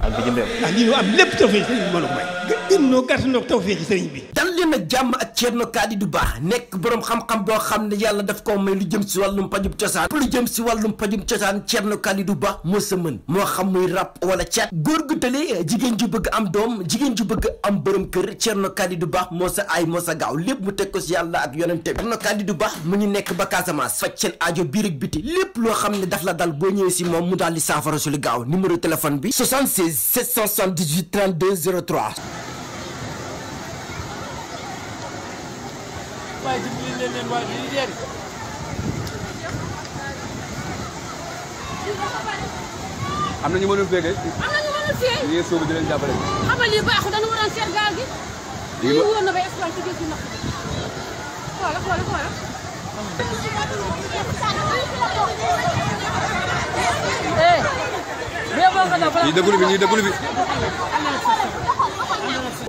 ak bitim réew. Ah, waaw lii ñu am lépp tawfeex sëriñ bi mën a ko may. gën noo noo tawfeex sëriñ bi. dal leen ak jàmm ak Ceerno Kaalidu Ba nekk boroom xam boo xam ne yàlla daf ko may lu jëm si wàllum pajum cosaan lu jëm si wàllum pajum cosaan Ceerno Kaalidu Ba moo sa moo xam muy rab wala cat góor gu tële jigéen ju bëgg am doom jigéen ju bëgg am borom kër Ceerno Kaalidu Ba moo sa moo sa gaaw lépp mu teg ko si yàlla ak yonente bi Ceerno Kaalidu Ba mu ngi nekk ba Casamance faj seen aajo biir ak biti loo xam ne daf la dal boo ñëwee si moom mu daal di saafara su li gaaw numéro téléphone bi c'est 778 32 03. waaye dimbali leen leen waaye lii leen. am na ñu mënul fekkee. am na ñu mënul fekkee. ñu ngi sóobu di leen jàppale. xam nga lii baaxul dañu waroon seet gaal gi. lii ba wóor na ba espoir ci géej gi nag. xoolal xoolal xoolal. ñii déglu bi ñii déglu bi.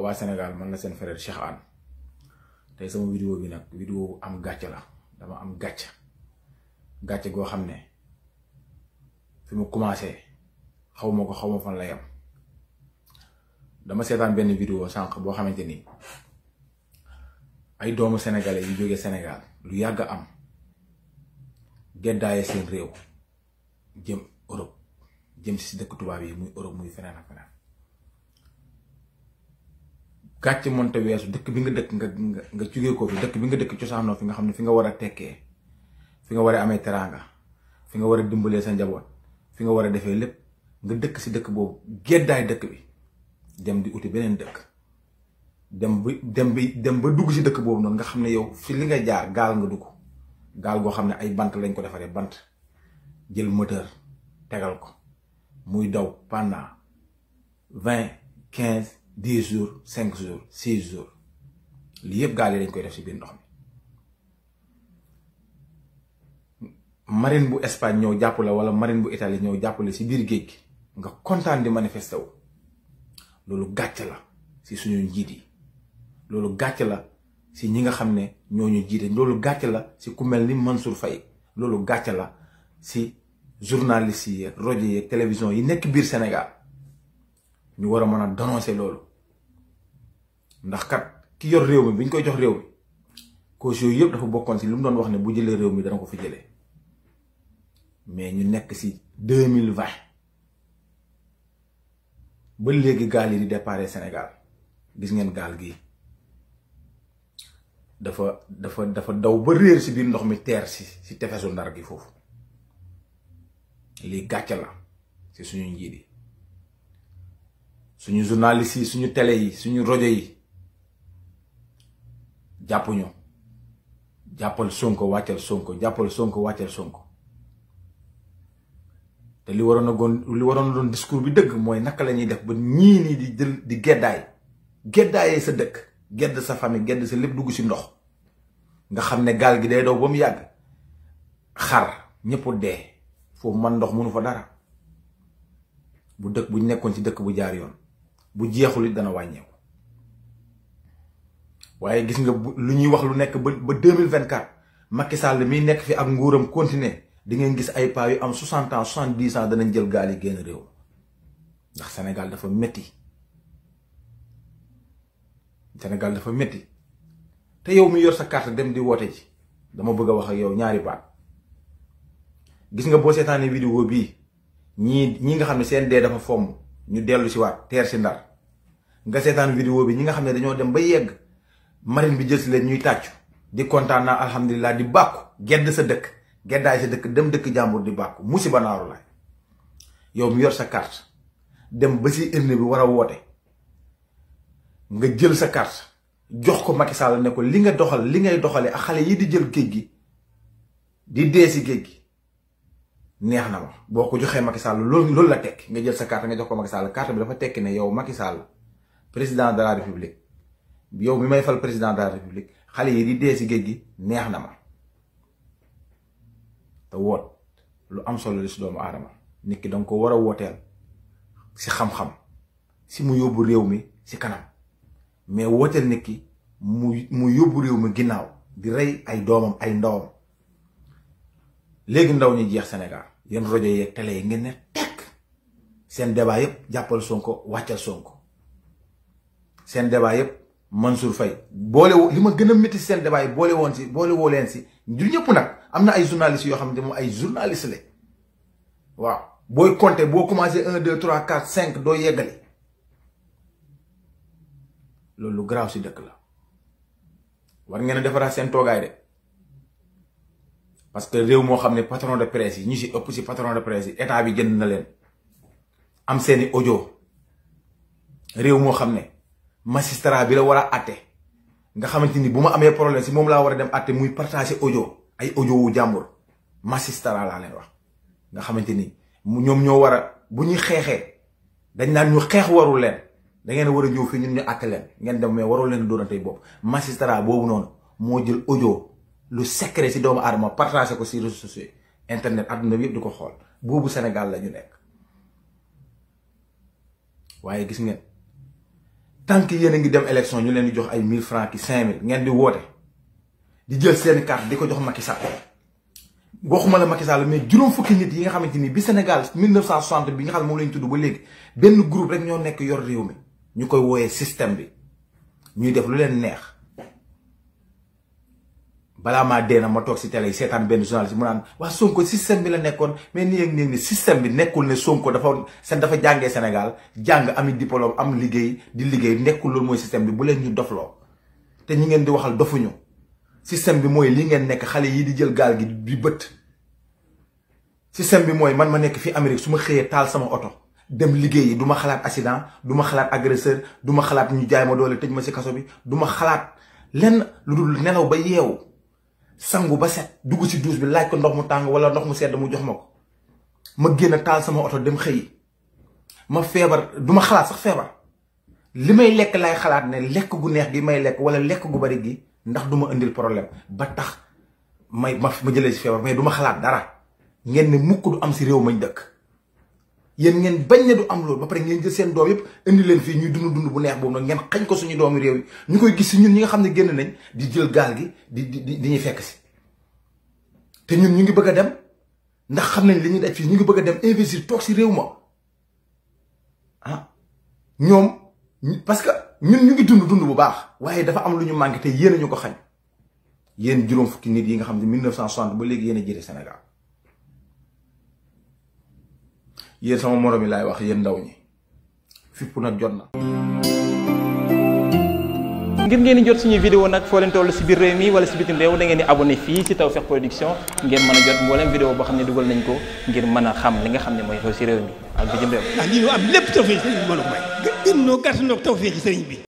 waa Sénégal man na seen frère Cheikh Anne tey sama vidéo bi nag vidéo bu am gàcce la dama am gàcce gàcce goo xam ne fi mu commencé xaw ma ko xaw ma fan la yem dama seetaan benn vidéo sànq boo xamante ni ay doomu sénégalais yu jóge Sénégal lu yàgg am geddaaye seen réew jëm Europe. jëm si dëkk tubaab yi muy Europe muy feneen ak feneen gàcce monte weesu dëkk bi nga dëkk nga nga jógee ko fi dëkk bi nga dëkk cosaanoo fi nga xam ne fi nga war a tekkee fi nga war a amee teraanga fi nga war a dimbalee sa njaboot fi nga war a defee lépp nga dëkk si dëkk boobu geddaay dëkk bi dem di uti beneen dëkk dem bi dem bi dem ba dugg si dëkk boobu noonu nga xam ne yow fi li nga jaar gaal nga dugg gaal goo xam ne ay bant lañ ko defaree bant jël moteur tegal ko muy daw pendant vingt quinze dix jours cinq jours six jours lii yëpp gaal yi koy def ci biir ndox mi. marine bu Espagne jàpp jàppale wala marine bu Italie ñëw jàppale ci biir géej gi nga kontaan di manifester wu loolu gàcc la ci suñu njiit yi loolu gàcc la ci ñi nga xam ne ñoo ñu jiite loolu gàcc la ci ku mel ni Mansour Faye loolu gàcc la ci journalistes yi ak rajo yi ak télévision yi nekk biir Sénégal ñu war a mën a dénoncer loolu ndax kat ki yor réew mi bi ñu koy jox réew mi cause yooyu yëpp dafa bokkoon si lu mu doon wax ne bu jëlee réew mi dana ko fi jëlee mais ñu nekk si deux mille vingt ba léegi gaal yi di départ Sénégal gis ngeen gaal gi dafa dafa dafa daw ba réer si biir ndox mi teer si si tefesu ndar gi foofu. lii gàcce la ci suñu njiit yi suñu journaliste yi suñu télé yi suñu rajo yi jàppuñu jàppal Sonko wàccal Sonko jàppal Sonko wàccal Sonko te li waroon a goon li waroon a doon discours bi dëgg mooy naka lañuy def ba ñii nii di jël di geddaay geddaayee sa dëkk gedd sa famille gedd sa lépp dugg si ndox nga xam ne gaal gi day doo ba mu yàgg xar ñëpp dee foofu man ndox mënu fa dara bu dëkk bu nekkoon ci dëkk bu jaar yoon bu jeexul it dana wàññeeku waaye gis nga lu ñuy wax lu nekk ba ba deux mille vingt quatre Macky Sall miy nekk fi ak nguuram continuer di ngeen gis ay paa yu am soixante ans soixante dix ans danañ jël gaal yi génn réew ndax senegal dafa métti senegal dafa metti te yow mi yor sa carte dem di woote ji dama bëgg a wax ak yow ñaari baat. gis nga boo seetaanee vidéo bi ñii ñi nga xam ne seen dee dafa fomm ñu dellu si waat teer si ndar nga seetaan vidéo bi ñi nga xam ne dañoo dem ba yegg marine bi jël si leen ñuy tàccu di kontaan naa di bàkku gedd sa dëkk geddaay sa dëkk dem dëkk jàmbur di bàkku musiba naaru laay yow mu yor sa carte dem ba si urne bi war a woote nga jël sa carte jox ko Macky Sall ne ko li nga doxal li ngay doxalee ak xale yi di jël géej gi di dee si géej gi neex na ma boo ko joxee Macky Sall loolu loolu la tekki nga jël sa carte nga jox ko Macky Sall carte bi dafa tekki ne yow Macky Sall président de la république yow bi may fal président de la république xale yi di dee si géej gi neex na ma te woot lu am solo li si doomu aadama nit ki danga ko war a wooteel si xam-xam si mu yóbbu réew mi si kanam mais wooteel nit ki mu mu yóbbu réew mi ginnaaw di rey ay doomam ay ndawam léegi ndaw ñi jeex Sénégal yéen rajo yeeg tele yi ngeen ne tekk seen débat yëpp jàppal Sonko wàccal ko seen débat yëpp Mansour fay boole li ma gën a métti seen débat boole woon si boole woo leen si du ñëpp nag am na ay journalistes yoo xam ne moom ay journaliste la waaw booy compter boo commencé un deux trois quatre cinq doo yeggali loolu lu garaaw si dëkk la war ngeen a defaraat seen toogaay de. parce que réew moo xam ne patron de presse yi ñu si ëpp si patron de presse yi état bi jënd na leen am seeni audio réew moo xam ne magistrat bi la war a àtte nga xamante ni bu ma amee problème si moom laa war a dem àtte muy partager ojo ay audio wu jàmbur magistrat laa leen wax nga xamante ni ñoom ñoo war a bu ñuy xeexee dañ naan ñu xeex warul leen da ngeen war a ñëw fii ñun ñu àtte leen ngeen dem mais warul leen doonantey bopp magistrat boobu noonu moo jël audio lu secret si doomu aadama partagé ko si réseaux sociaux internet adduna bi yëpp du ko xool boobu senegal la ñu nekk waaye gis ngeen tant que a ngi dem élection ñu leen di jox ay 1000 francs ki mille ngeen di woote di jël seen carte di ko jox Macky Sall waxuma la Macky Sall mais juróom fukki nit yi nga xamante ni bi Sénégal 1960 bi nga xam ne moom la tudd ba léegi benn groupe rek ñoo nekk yor réew mi ñu koy wooyee système bi ñuy def lu leen neex. balaa maa dee na ma toog si télé yi seetaan benn journaliste mu naan waa Sonko système bi la nekkoon mais nii ak nii ni système bi nekkul ne Sonko dafa seen dafa jàngee Sénégal jàng ami diplôme am liggéey di liggéey nekkul loolu mooy système bi bu leen ñu loo te ñi ngeen di waxal dofuñu système bi mooy li ngeen nekk xale yi di jël gaal gi di bët système bi mooy man ma nekk fii Amérique su ma xëyee taal sama oto dem liggéey yi du ma xalaat accident du xalaat agresseur du xalaat ñu jaay ma doole tëj ma si kaso du ma xalaat lenn lu nelaw ba yeewu sangu ba set dugg ci douche bi laaj ndox mu tàng wala ndox mu sedd mu jox ma ko ma génn taal sama oto dem xëyi ma feebar duma ma xalaat sax feebar li may lekk laay xalaat ne lekk gu neex gi may lekk wala lekk gu bari gi ndax du ma indil problème ba tax may ma ma jëlee ci feebar mais duma xalaat dara ngeen ne mukk du am si réew mañ dëkk yéen ngeen bañ ne du am loolu ba pare ngeen jël seen doom yëpp indi leen fii ñuy dund dund bu neex boobu nag ngeen xañ ko suñu doomu réew yi ñu koy gis si ñun xam ne génn di jël gaal gi di di di ñuy fekk si te ñun ñu ngi bëgg a dem ndax xam nañ li ñu daj fii ñu ngi bëgg a dem investir toog si réew ma ah ñoom parce que ñun ñu ngi dund dund bu baax waaye dafa am lu ñu manqué te yéen ñu ko xañ yéen juróom fukki nit yi nga xam ne 1960 ba léegi yéen a jëre Sénégal yéen sama morom yi laay wax yéen ndaw ñi fipp nag jot na. ngir ngeen di jot suñu vidéo nag foo leen toll si biir réew mi wala si bitim réew da ngeen di abonné fii si Tawfekh Production ngeen mën a jot mboolem vidéo boo xam ne dugal nañ ko ngir mën a xam li nga xam ne mooy xew si réew mi ak bitim réew. ndax lii am lépp Tawfekh sëriñ bi mën a may. gën noo gàtt noo Tawfekh sëriñ bi.